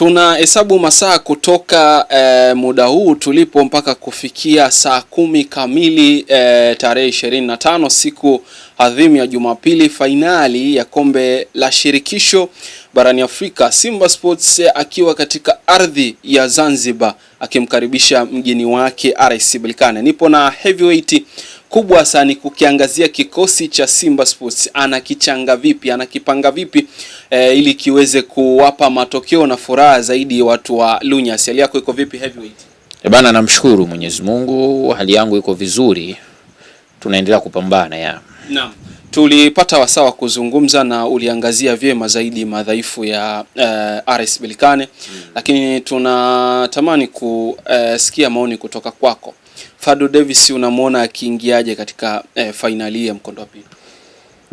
tuna hesabu masaa kutoka e, muda huu tulipo mpaka kufikia saa kumi kamili e, tarehe ishirini na tano siku adhimu ya Jumapili, fainali ya kombe la shirikisho barani Afrika, Simba Sports akiwa katika ardhi ya Zanzibar akimkaribisha mgeni wake RS Berkane. Nipo na Heavyweight kubwa sana ni kukiangazia kikosi cha Simba Sports, anakichanga vipi, anakipanga vipi e, ili kiweze kuwapa matokeo na furaha zaidi watu wa Lunyas. Hali yako iko vipi Heavyweight? E bana, namshukuru Mwenyezi Mungu, hali yangu iko vizuri, tunaendelea kupambana ya. Naam. Tulipata wasawa wa kuzungumza na uliangazia vyema zaidi madhaifu ya uh, eh, RS Berkane mm, lakini tunatamani kusikia eh, maoni kutoka kwako Fado Davis unamwona akiingiaje katika eh, fainali ya mkondo wa pili?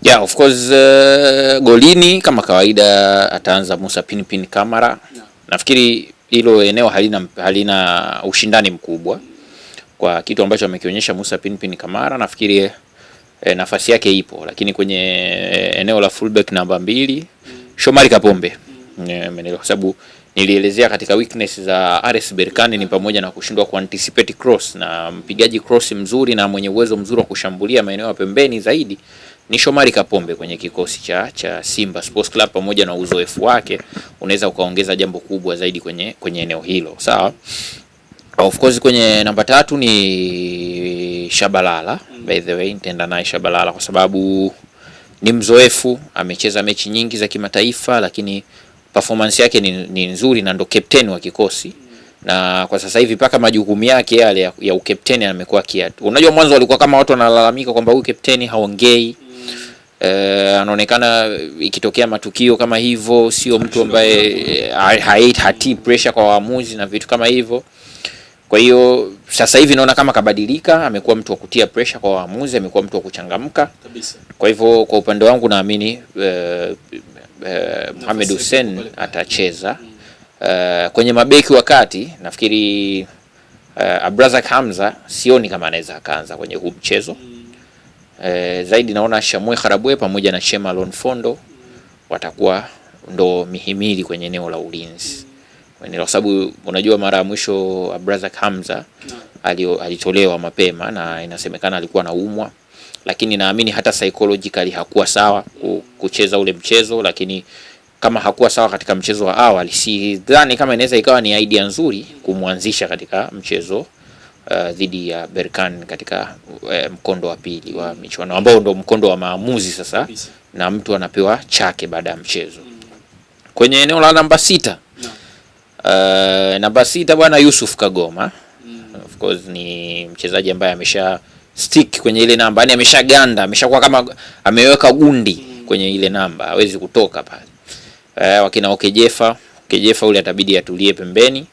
Yeah, of course uh, golini kama kawaida ataanza Musa Pinpin Kamara yeah. Nafikiri hilo eneo halina, halina ushindani mkubwa kwa kitu ambacho amekionyesha Musa Pinpin Kamara, nafikiri eh, nafasi yake ipo, lakini kwenye eh, eneo la fullback namba mbili mm. Shomari Kapombe Umeelewa? Eh, kwa sababu nilielezea katika weakness za RS Berkane ni pamoja na kushindwa kuanticipate cross, na mpigaji cross mzuri na mwenye uwezo mzuri wa kushambulia maeneo ya pembeni zaidi ni Shomari Kapombe kwenye kikosi cha, cha Simba Sports Club. Pamoja na uzoefu wake unaweza ukaongeza jambo kubwa zaidi kwenye kwenye eneo hilo, sawa. Of course kwenye namba tatu ni Shabalala, by the way nitaenda naye Shabalala kwa sababu ni mzoefu, amecheza mechi nyingi za kimataifa, lakini performance yake ni, ni nzuri na ndo captain wa kikosi na kwa sasa hivi mpaka majukumu yake yale ya, ya ukapteni amekuwa kiatu. Unajua mwanzo walikuwa kama watu wanalalamika kwamba huyu kapteni haongei mm. E, anaonekana ikitokea matukio kama hivyo sio mtu ambaye eh, hatii pressure kwa waamuzi na vitu kama hivyo. Kwa hiyo sasa hivi naona kama kabadilika, amekuwa mtu wa kutia pressure kwa waamuzi, amekuwa mtu wa kuchangamka kabisa. Kwa hivyo kwa upande wangu naamini e, eh, Mohamed Hussein atacheza Uh, kwenye mabeki wakati nafikiri uh, eh, Abrazak Hamza sioni kama anaweza akaanza kwenye huu mchezo Uh, zaidi naona Shamwe Kharabwe pamoja na Chema Lonfondo watakuwa ndo mihimili kwenye eneo la ulinzi kwa sababu unajua mara ya mwisho Abrazak Hamza alio, alitolewa mapema na inasemekana alikuwa anaumwa lakini naamini hata psychologically hakuwa sawa kucheza ule mchezo, lakini kama hakuwa sawa katika mchezo wa awali, sidhani kama inaweza ikawa ni idea nzuri kumwanzisha katika mchezo uh, dhidi ya berkan katika uh, mkondo wa pili wa michuano ambao ndio mkondo wa maamuzi sasa, na mtu anapewa chake baada ya mchezo. Kwenye eneo la namba sita uh, namba sita bwana Yusuf Kagoma, of course ni mchezaji ambaye amesha stick kwenye ile namba, yani ameshaganda, ameshakuwa kama ameweka gundi kwenye ile namba, hawezi kutoka pale. Eh, wakina Okejefa, Okejefa ule atabidi atulie pembeni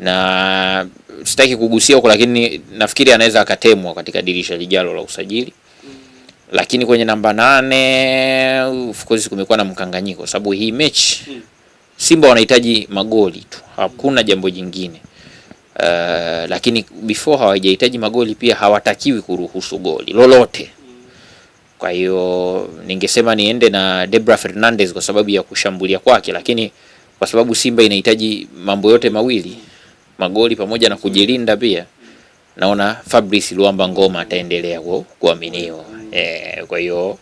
na sitaki kugusia huko, lakini nafikiri anaweza akatemwa katika dirisha lijalo la usajili. Lakini kwenye namba nane of course kumekuwa na mkanganyiko, sababu hii mechi hmm. Simba wanahitaji magoli tu, hakuna jambo jingine. Eh, lakini before hawajahitaji magoli pia hawatakiwi kuruhusu goli lolote. Kwa hiyo ningesema niende na Debra Fernandez kwa sababu ya kushambulia kwake, lakini kwa sababu Simba inahitaji mambo yote mawili, magoli pamoja na kujilinda pia, naona Fabrice Luamba Ngoma ataendelea kuaminiwa. E, kwa hiyo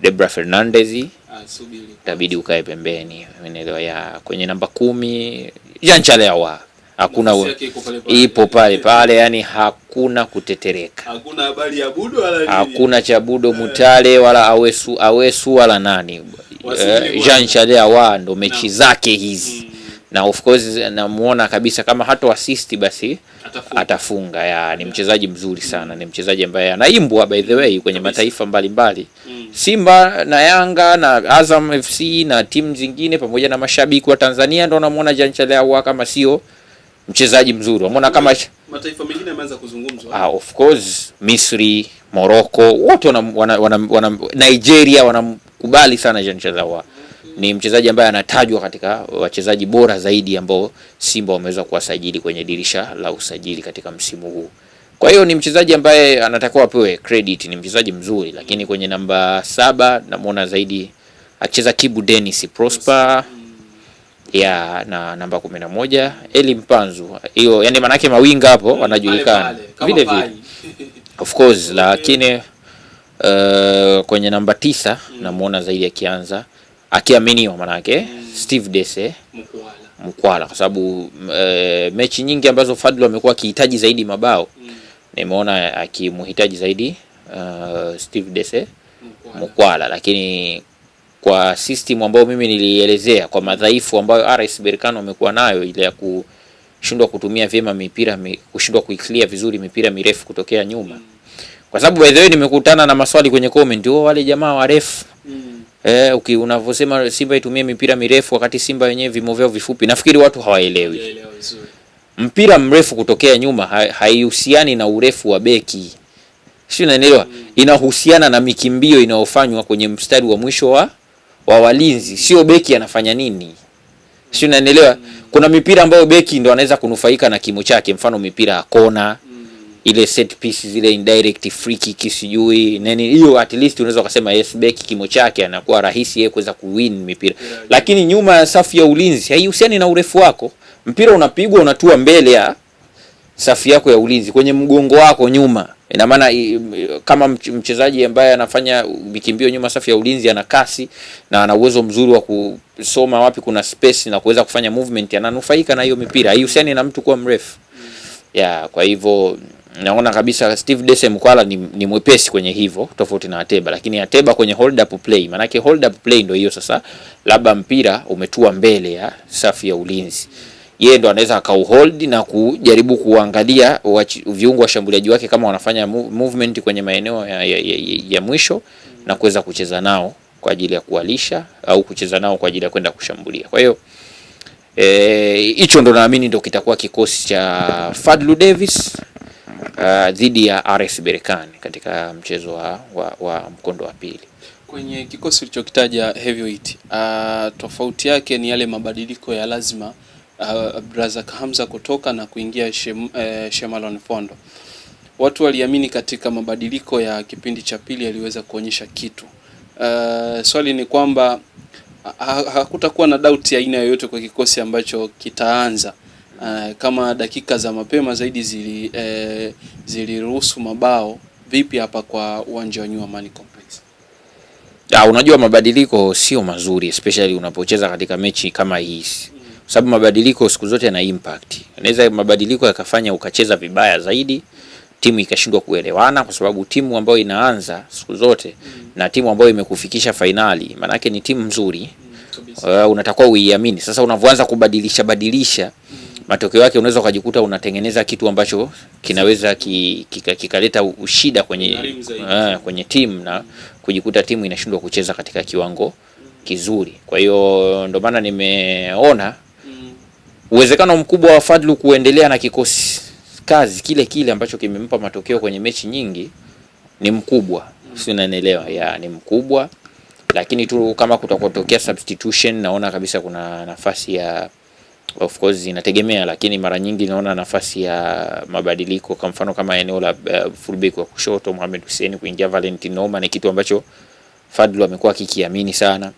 Debra Fernandez itabidi ukae pembeni, umeelewa? Ya kwenye namba kumi Jean Chalewa hakuna ipo pale pale, yani hakuna kutetereka, hakuna habari ya budo wala hakuna cha budo eh. mutale wala awesu awesu wala nani uh, Jean Charles Ahoua ndo mechi zake hizi mm. Na of course namuona kabisa kama hato assist basi atafunga, atafunga ya, ni mchezaji mzuri mm. sana mm. Ni mchezaji ambaye anaimbwa by the way kwenye mataifa mbalimbali mbali. Mm. Simba na Yanga na Azam FC na timu zingine pamoja na mashabiki wa Tanzania ndo namuona Jean Charles Ahoua kama sio mchezaji mzuri. Umeona kama mataifa mengine yameanza kuzungumzwa. Ah, of course Misri, Morocco, wote wana, wana, wana, wana Nigeria wanamkubali sana Jean Chazawa. Ni mchezaji ambaye anatajwa katika wachezaji bora zaidi ambao Simba wameweza kuwasajili kwenye dirisha la usajili katika msimu huu. Kwa hiyo ni mchezaji ambaye anatakiwa apewe credit, ni mchezaji mzuri, lakini kwenye namba saba namuona zaidi akicheza Kibu Dennis Prosper ya na namba kumi na moja Eli Mpanzu hiyo, yani manake mawinga hapo wanajulikana vile vile of course, lakini uh, kwenye namba tisa mm. namuona zaidi akianza akiaminiwa manake mm. Steve Dese Mkwala, Mkwala kwa sababu uh, mechi nyingi ambazo Fadlu amekuwa akihitaji zaidi mabao mm. nimeona akimhitaji zaidi uh, Steve Dese Mkwala, Mkwala. lakini kwa system ambayo mimi nilielezea, kwa madhaifu ambayo RS Berkane amekuwa nayo ile ya kushindwa kutumia vyema mipira, kushindwa kuiklia vizuri mipira mirefu kutokea nyuma, kwa sababu by the way nimekutana na maswali kwenye comment, wao oh, wale jamaa wa ref mm. eh, uki unavyosema Simba itumie mipira mirefu wakati Simba wenyewe vimo vyao vifupi, nafikiri watu hawaelewi mpira mrefu kutokea nyuma haihusiani na urefu wa beki, sio, unaelewa? Mm. Inahusiana na mikimbio inayofanywa kwenye mstari wa mwisho wa wa walinzi, sio beki anafanya nini, si unaelewa? Kuna mipira ambayo beki ndo anaweza kunufaika na kimo chake, mfano mipira ya kona ile set piece zile indirect free kick sijui nini hiyo, at least unaweza ukasema yes, beki kimo chake anakuwa rahisi yeye kuweza kuwin mipira yeah, lakini nyuma ya safu ya ulinzi haihusiani na urefu wako. Mpira unapigwa unatua mbele ya safu yako ya ulinzi, kwenye mgongo wako nyuma Ina maana kama mchezaji ambaye anafanya mikimbio nyuma safu ya ulinzi, ana kasi na ana uwezo mzuri wa kusoma wapi kuna space na kuweza kufanya movement, ananufaika na hiyo mipira. Haihusiani na mtu kuwa mrefu ya. Kwa hivyo naona kabisa Steve Dese Mkwala ni, ni mwepesi kwenye hivyo, tofauti na Ateba, lakini Ateba kwenye hold up play, maanake hold up play ndio hiyo sasa, labda mpira umetua mbele ya safu ya ulinzi yeye ndo anaweza akauhold na kujaribu kuangalia viungo washambuliaji wake kama wanafanya movement kwenye maeneo ya, ya, ya, ya mwisho na kuweza kucheza nao kwa ajili ya kuwalisha au kucheza nao kwa ajili ya kwenda kushambulia. Kwa hiyo eh, hicho e, ndo naamini ndo kitakuwa kikosi cha Fadlu Davis uh, dhidi ya RS Berkane katika mchezo wa, wa, wa mkondo wa pili. Kwenye kikosi ulichokitaja Heavyweight, uh, tofauti yake ni yale mabadiliko ya lazima uh, Brother Hamza kutoka na kuingia Shem, uh, Shemalon Fondo. Watu waliamini katika mabadiliko ya kipindi cha pili yaliweza kuonyesha kitu. Uh, swali ni kwamba hakutakuwa na doubt ya aina yoyote kwa kikosi ambacho kitaanza. Uh, kama dakika za mapema zaidi zili uh, ziliruhusu mabao vipi hapa kwa uwanja wa New Amani Complex? Ya, unajua mabadiliko sio mazuri especially unapocheza katika mechi kama hii sababu mabadiliko siku zote yana impact. Anaweza mabadiliko yakafanya ukacheza vibaya zaidi, timu ikashindwa kuelewana, kwa sababu timu ambayo inaanza siku zote mm. na timu ambayo imekufikisha fainali maanake ni timu nzuri mm. uh, unatakiwa uiamini. Sasa unavyoanza kubadilisha badilisha mm. matokeo yake unaweza ukajikuta unatengeneza kitu ambacho kinaweza kikaleta kika, kika ushida kwenye, uh, kwenye timu na kujikuta timu inashindwa kucheza katika kiwango kizuri. Kwa hiyo ndio maana nimeona uwezekano mkubwa wa Fadlu kuendelea na kikosi kazi kile kile ambacho kimempa matokeo kwenye mechi nyingi ni mkubwa, si unanielewa? Ya ni mkubwa, lakini tu kama kutakotokea substitution, naona kabisa kuna nafasi ya of course inategemea, lakini mara nyingi naona nafasi ya mabadiliko. Kwa mfano kama eneo la uh, fullback wa kushoto Mohamed Hussein kuingia Valentino Noma ni kitu ambacho Fadlu amekuwa akikiamini sana.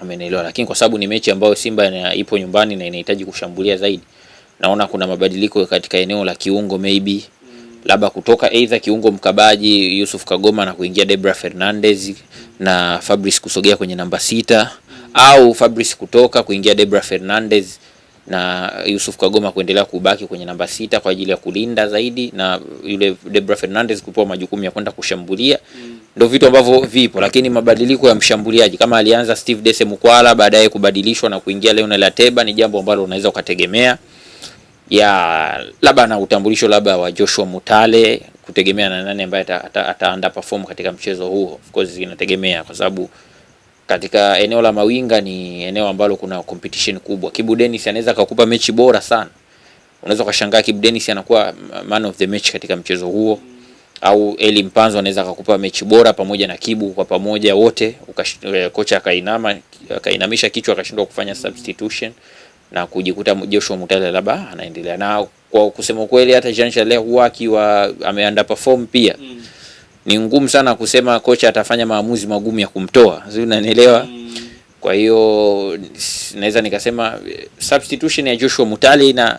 Amenielewa, lakini kwa sababu ni mechi ambayo Simba na ipo nyumbani na inahitaji kushambulia zaidi, naona kuna mabadiliko katika eneo la kiungo maybe labda kutoka aidha kiungo mkabaji Yusuf Kagoma na kuingia Debra Fernandez na Fabrice kusogea kwenye namba sita au Fabrice kutoka kuingia Debra Fernandez na Yusuf Kagoma kuendelea kubaki kwenye namba sita kwa ajili ya kulinda zaidi na yule Debra Fernandez kupewa majukumu ya kwenda kushambulia mm. Ndio vitu ambavyo vipo, lakini mabadiliko ya mshambuliaji kama alianza Steve Dese Mukwala baadaye kubadilishwa na kuingia Leonel Ateba ni jambo ambalo unaweza ukategemea ya labda na utambulisho labda wa Joshua Mutale kutegemea na nani ambaye ataanda perform katika mchezo huo. Of course inategemea kwa sababu katika eneo la mawinga ni eneo ambalo kuna competition kubwa. Kibu Dennis anaweza akakupa mechi bora sana, unaweza ukashangaa Kibu Dennis anakuwa man of the match katika mchezo huo, au Eli Mpanzo anaweza akakupa mechi bora pamoja na Kibu kwa pamoja wote, eh, kocha akainama akainamisha kichwa akashindwa kufanya substitution na kujikuta Joshua Mutale labda anaendelea na kwa kusema kweli, hata Jean Charles huwa akiwa ame underperform pia mm ni ngumu sana kusema kocha atafanya maamuzi magumu ya kumtoa, sio? Unanielewa? Mm. Kwa hiyo naweza nikasema substitution ya Joshua Mutale ina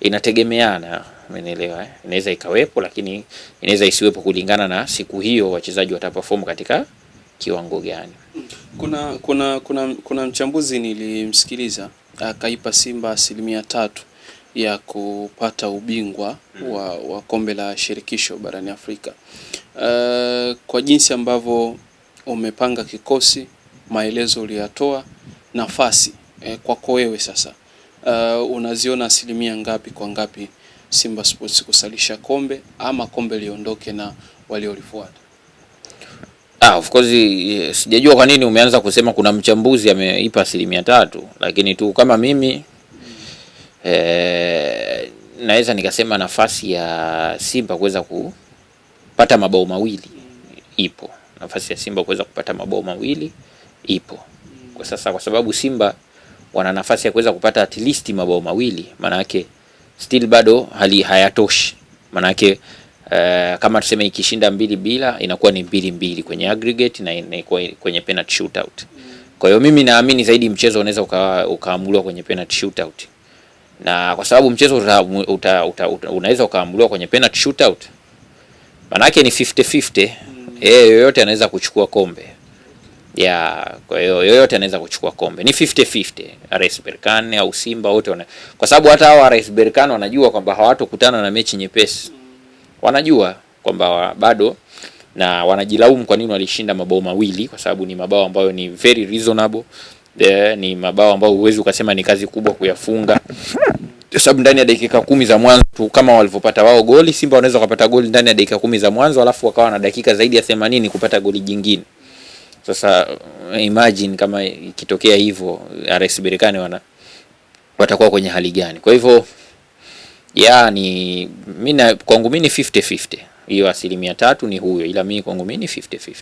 inategemeana, umeelewa? Eh? Inaweza ikawepo, lakini inaweza isiwepo kulingana na siku hiyo wachezaji watapafom katika kiwango gani. Kuna kuna kuna kuna mchambuzi nilimsikiliza akaipa Simba asilimia tatu ya kupata ubingwa mm. wa, wa kombe la shirikisho barani Afrika. Eh, kwa jinsi ambavyo umepanga kikosi, maelezo uliyatoa, nafasi eh, kwako wewe sasa, uh, unaziona asilimia ngapi kwa ngapi Simba Sports kusalisha kombe ama kombe liondoke na waliolifuata? Ah, of course sijajua yes. Kwa nini umeanza kusema kuna mchambuzi ameipa asilimia tatu, lakini tu kama mimi eh, naweza nikasema nafasi ya Simba kuweza ku kupata mabao mawili ipo nafasi ya Simba kuweza kupata mabao mawili ipo kwa sasa, kwa sababu Simba wana nafasi ya kuweza kupata at least mabao mawili, maana yake still bado hali hayatoshi, maana yake uh, eh, kama tuseme ikishinda mbili bila inakuwa ni mbili mbili kwenye aggregate na inakuwa kwenye penalty shootout. Kwa hiyo mimi naamini zaidi mchezo unaweza uka, ukaamuliwa kwenye penalty shootout, na kwa sababu mchezo uta, uta, uta, unaweza ukaamuliwa kwenye penalty shootout Manake ni 50-50. Yeye yoyote anaweza kuchukua kombe ya kwa hiyo yoyote anaweza kuchukua kombe, ni 50-50 RS Berkane au Simba wote wana, kwa sababu hata hao RS Berkane wanajua kwamba hawatokutana na mechi nyepesi, wanajua kwamba bado na wanajilaumu kwa nini walishinda mabao mawili, kwa sababu ni mabao ambayo ni very reasonable. De, eh, ni mabao ambayo huwezi ukasema ni kazi kubwa kuyafunga sababu ndani ya dakika kumi za mwanzo tu kama walivyopata wao goli, Simba wanaweza kupata goli ndani ya dakika kumi za mwanzo, alafu wakawa na dakika zaidi ya themanini kupata goli jingine. Sasa eh, imagine kama ikitokea hivyo rais berekani wana watakuwa kwenye hali gani? Kwa hivyo yani mimi kwangu mimi ni 50 50 hiyo asilimia tatu ni huyo, ila mimi kwangu mimi ni 50 50.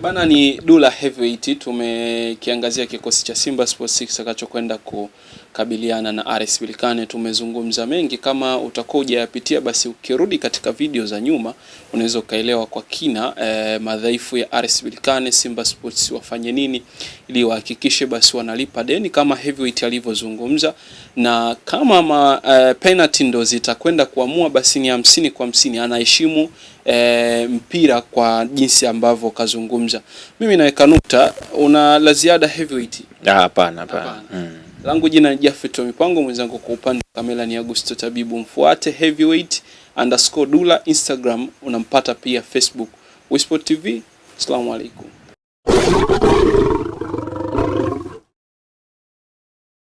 Bana ni Dula Heavyweight, tumekiangazia kikosi cha Simba Sports 6 kitakachokwenda kukabiliana na RS Berkane. Tumezungumza mengi, kama utakuwa hujayapitia basi ukirudi katika video za nyuma unaweza ukaelewa kwa kina eh, madhaifu ya RS Berkane. Simba Sports wafanye nini ili wahakikishe basi wanalipa deni kama Heavyweight alivyozungumza na kama ma, uh, penalty ndo zitakwenda kuamua basi ni hamsini kwa hamsini. Anaheshimu uh, mpira kwa jinsi ambavyo kazungumza. Mimi naweka nukta. Una la ziada Heavyweight? Ah, hapana, hapana. Mm. Langu jina ni jafet wa Mipango, mwenzangu kwa upande wa kamera ni Augusto Tabibu. Mfuate Heavyweight underscore dula Instagram, unampata pia Facebook. Wispo TV, asalamu alaikum.